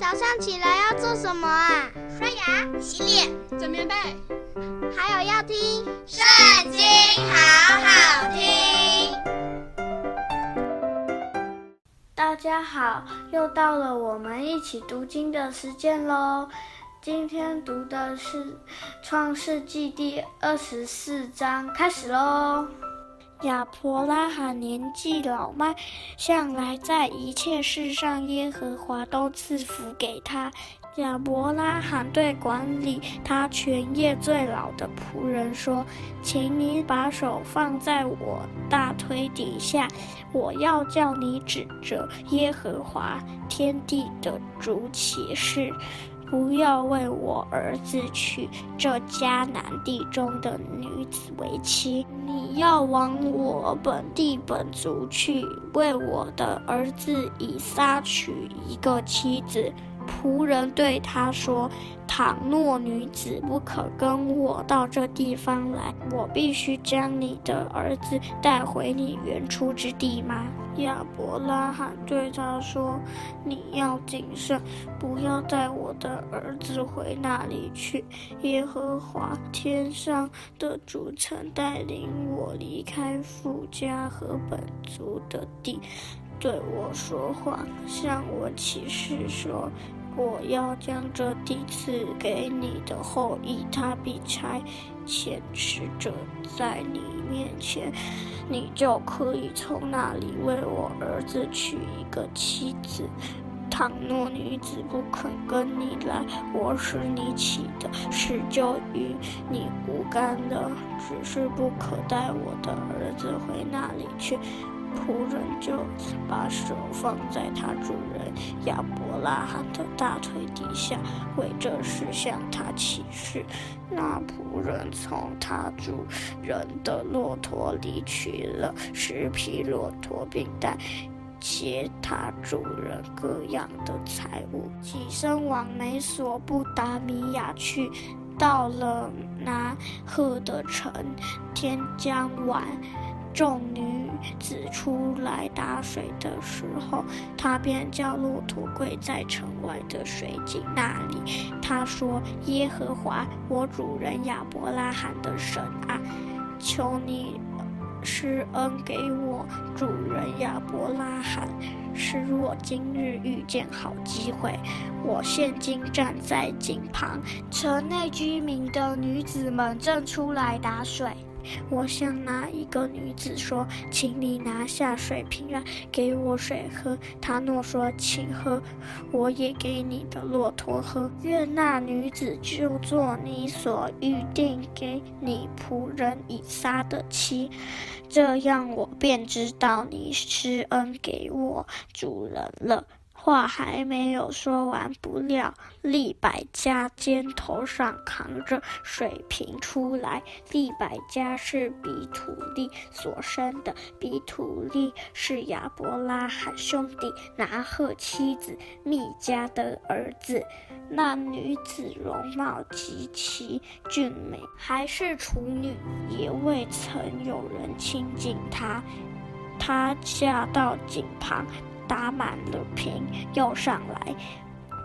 早上起來要做什麼啊？刷牙、洗臉、整棉被，還有要聽《聖經》，好好聽。大家好，又到了我們一起讀經的時間嘍。今天讀的是《創世紀》第二十四章，開始嘍。亞伯拉罕年紀老邁，向來在一切事上耶和華都賜福給他。亞伯拉罕對管理他全業最老的僕人說：“請你把手放在我大腿底下，我要叫你指着耶和華天地的主起誓。不要為我兒子娶這迦南地中的女子為妻，你要往我本地本族去，為我的兒子以撒娶一個妻子。僕人對他說：“倘若女子不肯跟我到這地方來，我必須將你的兒子帶回你原出之地嗎？”亞伯拉罕對他說：“你要謹慎，不要帶我的兒子回那裡去。耶和華天上的主曾帶領我離開父家和本族的地，對我說話，向我起誓說。”我要將這地賜給你的後裔，他必差遣使者在你面前，你就可以從那裡為我兒子娶一個妻子。倘若女子不肯跟你來，我使你起的誓就與你無干的，只是不可帶我的兒子回那裡去。僕人就把手放在他主人亞伯拉罕的大腿底下，為這事向他起誓。那僕人從他主人的駱駝裡取了十匹駱駝，並帶些他主人各樣的財物，起身往美索不達米亞去。到了拿鶴的城，天將晚。眾女子出來打水的時候，他便叫駱駝跪在城外的水井那裡。他說：“耶和華，我主人亞伯拉罕的神啊，求你施恩給我主人亞伯拉罕，使我今日遇見好機會。我現今站在井旁，城內居民的女子們正出來打水。”我向那一個女子說，請你拿下水瓶來，給我水喝。她若說，請喝，我也給你的駱駝喝。願那女子就作你所預定給你僕人以撒的妻，這樣我便知道你施恩給我主人了。話還沒有說完，不料利百加肩頭上扛着水瓶出來。利百加是彼土利所生的比，彼土利是亞伯拉罕兄弟拿鶴妻子密迦的兒子。那女子容貌極其俊美，還是處女，也未曾有人親近她。她下到井旁。打滿了瓶，又上來，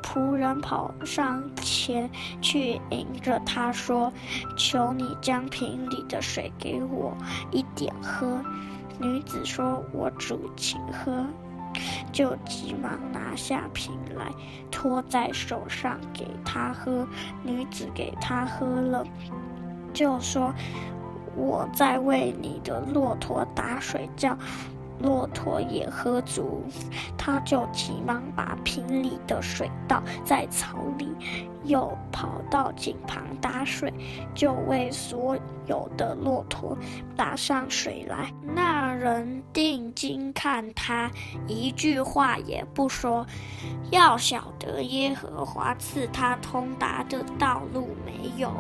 僕人跑上前去迎着他說：“求你將瓶裡的水給我一點喝。”女子說：“我主，請喝。”就急忙拿下瓶來，托在手上給他喝。女子給他喝了，就說：“我再為你的駱駝打水，叫。”駱駝也喝足，他就急忙把瓶裡的水倒在槽裡，又跑到井旁打水，就為所有的駱駝打上水來。那人定睛看他，一句話也不說，要曉得耶和華賜他通達的道路沒有。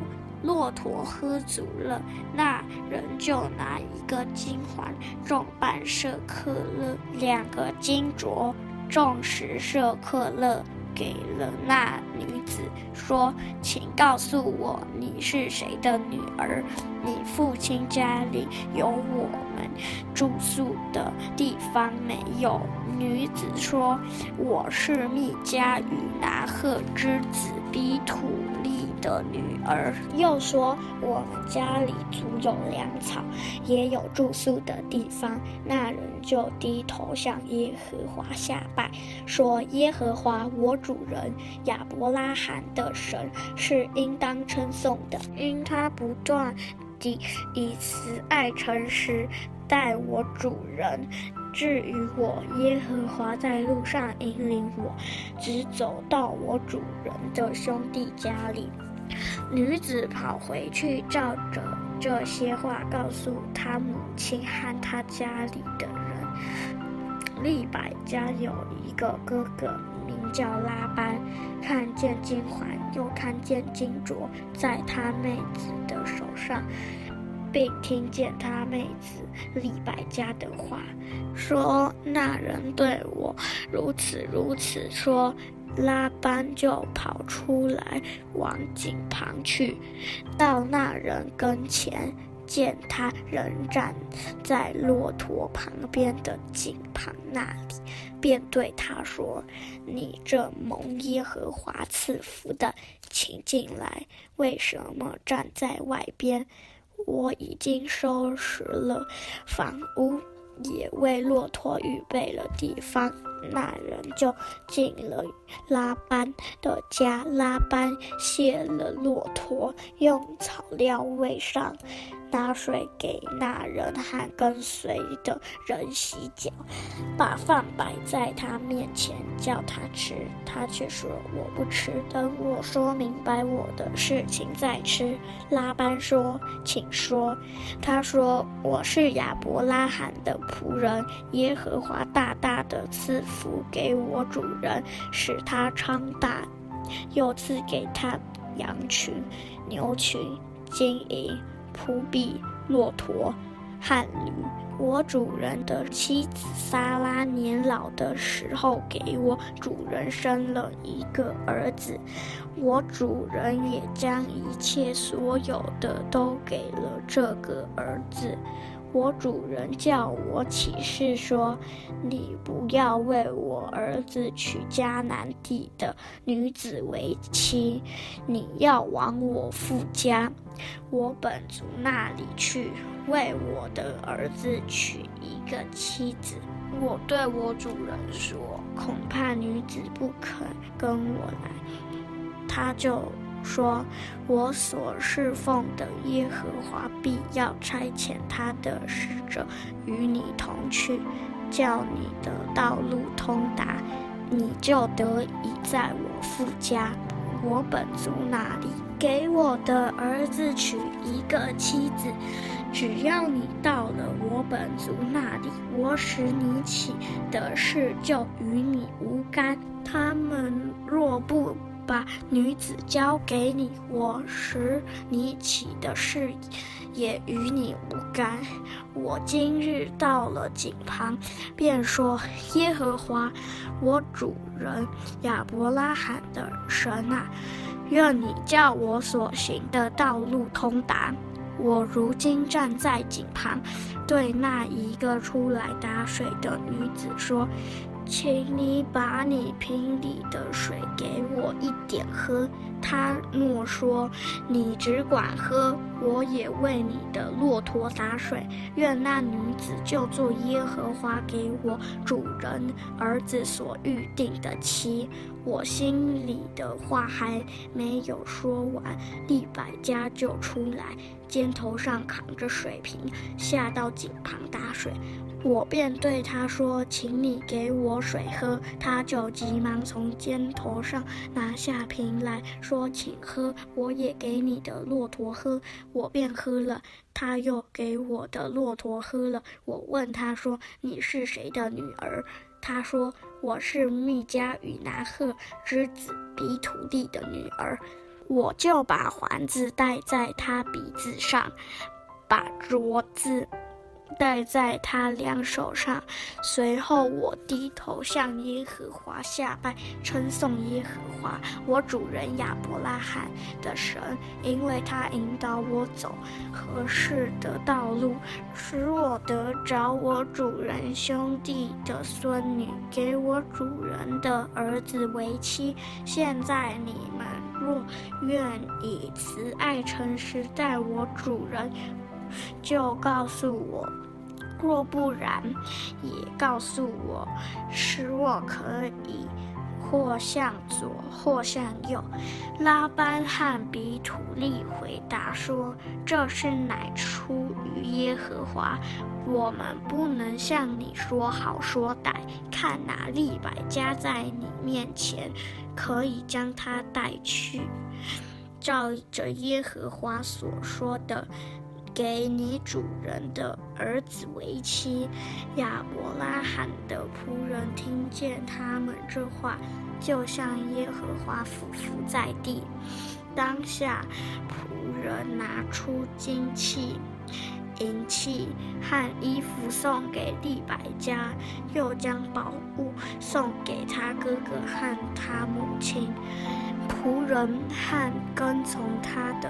駱駝喝足了，那人就拿一個金環，重半舍客勒，兩個金鐲，重十舍客勒，給了那女子，說：“請告訴我，你是誰的女兒？你父親家裡有我們住宿的地方沒有？”女子說：“我是密迦與拿鶴之子彼土。”的女兒，又說：“我家裡足有糧草，也有住宿的地方。”那人就低頭向耶和華下拜，說：“耶和華我主人亞伯拉罕的神是應當稱頌的，因他不斷地以慈愛誠實待我主人。至於我，耶和華在路上引領我，直走到我主人的兄弟家裡。”女子跑回去，照着這些話告訴她母親和她家裡的人。利百加有一個哥哥，名叫拉班，看見金環，又看見金鐲，在他妹子的手上。並聽見他妹子利百加的話，說那人對我如此如此說，拉班就跑出來往井旁去，到那人跟前，見他仍站在駱駝旁邊的井旁那裡，便對他說：“你這蒙耶和華賜福的，請進來，為什麼站在外邊？”我已經收拾了房屋，也為駱駝預備了地方。那人就進了拉班的家，拉班卸了駱駝，用草料餵上。拿水給那人和跟隨的人洗腳，把飯擺在他面前，叫他吃。他卻說：“我不吃，等我說明白我的事情再吃。”拉班說：“請說。”他說：“我是亞伯拉罕的僕人。耶和華大大的賜福給我主人，使他昌大，又賜給他羊群、牛群、金銀。”僕婢，駱駝，和驢。我主人的妻子撒拉年老的時候，給我主人生了一個兒子，我主人也將一切所有的都給了這個兒子。我主人叫我起誓說：“你不要為我兒子娶迦南地的女子為妻，你要往我父家，我本族那裡去，為我的兒子娶一個妻子。”我對我主人說：“恐怕女子不肯跟我來。”他就說：“我所事奉的耶和華必要差遣他的使者與你同去，叫你的道路通達，你就得以在我父家、我本族那裡給我的兒子娶一個妻子。只要你到了我本族那裡，我使你起的誓就與你無干。他們若不……”把女子交給你，我使你起的誓也與你無干。我今日到了井旁，便說：耶和華，我主人亞伯拉罕的神啊，願你叫我所行的道路通達。我如今站在井旁，對那一個出來打水的女子說：請你把你瓶裡的水給我一點喝。他若說：“你只管喝，我也為你的駱駝打水。願那女子就做耶和華給我主人兒子所預定的妻。”我心裡的話還沒有說完，利百加就出來，肩頭上扛着水瓶，下到井旁打水。我便對他說：“請你給我水喝。”他就急忙從肩頭上拿下瓶來說，請喝，我也給你的駱駝喝，我便喝了。他又給我的駱駝喝了。我問他說：“你是誰的女兒？”他說：“我是密迦與拿鶴之子彼土利的女兒。”我就把環子戴在他鼻子上，把鐲子戴在他兩手上，隨後我低頭向耶和華下拜，稱頌耶和華，我主人亞伯拉罕的神，因為他引導我走合適的道路，使我得着我主人兄弟的孫女，給我主人的兒子為妻。現在你們若願以慈愛誠實待我主人。就告訴我，若不然，也告訴我，使我可以或向左或向右。拉班和彼土利回答說：“這是乃出於耶和華，我們不能向你說好說歹。看哪，利百加在你面前，可以將他帶去，照着耶和華所說的。”給你主人的兒子為妻。亞伯拉罕的僕人聽見他們這話，就向耶和華俯伏在地。當下，僕人拿出金器、銀器和衣服送給利百加，又將寶物送給他哥哥和他母親。僕人和跟從他的。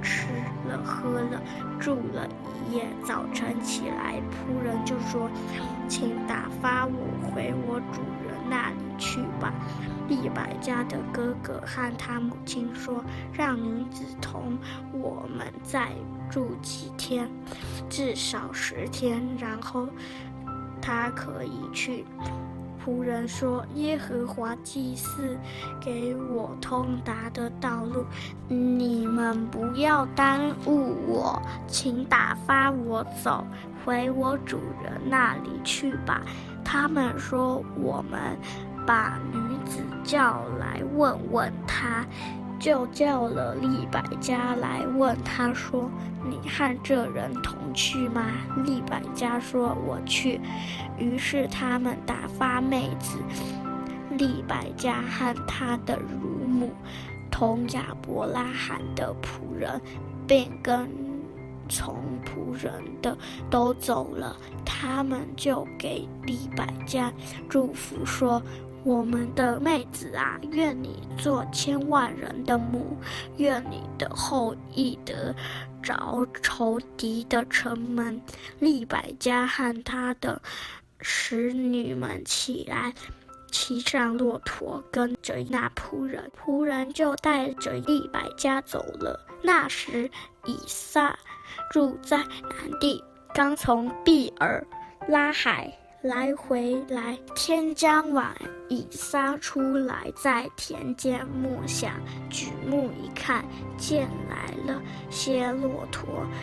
吃了喝了住了一夜，早晨起來，僕人就說：“請打發我回我主人那裡去吧。”利百加的哥哥和他母親說：“讓女子同我們再住幾天，至少十天，然後他可以去。”僕人說：“耶和華既賜給我通達的道路，你們不要耽誤我，請打發我走，回我主人那裡去吧。”他們說：“我們把女子叫來，問問她。”就叫了利百加來問他說：“你和這人同去嗎？”利百加說：“我去。”於是他們打發妹子利百加和他的乳母同亞伯拉罕的僕人，並跟從僕人的都走了。他們就給利百加祝福說。我們的妹子啊，願你做千萬人的母，願你的後裔得着仇敵的城門。利百加和他的使女們起來，騎上駱駝，跟着那僕人。僕人就帶着利百加走了。那時，以撒住在南地，剛從碧爾拉海。來回來，天將晚，以撒出來在田間默想，舉目一看，見來了些駱駝。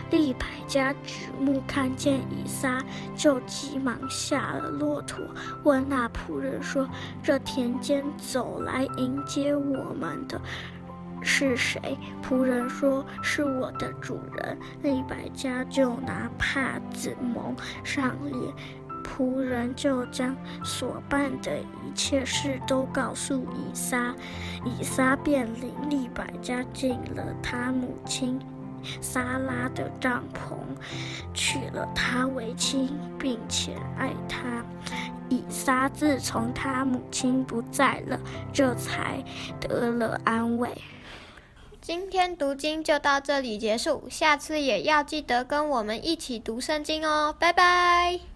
利百加舉目看見以撒，就急忙下了駱駝，問那僕人說：“這田間走來迎接我們的是誰？”僕人說：“是我的主人。”利百加就拿帕子蒙上臉。僕人就將所辦的一切事都告訴以撒，以撒便領利百加進了他母親，撒拉的帳篷，娶了她為妻，並且愛她。以撒自從他母親不在了，這才得了安慰。今天讀經就到這裡結束，下次也要記得跟我們一起讀聖經哦，拜拜。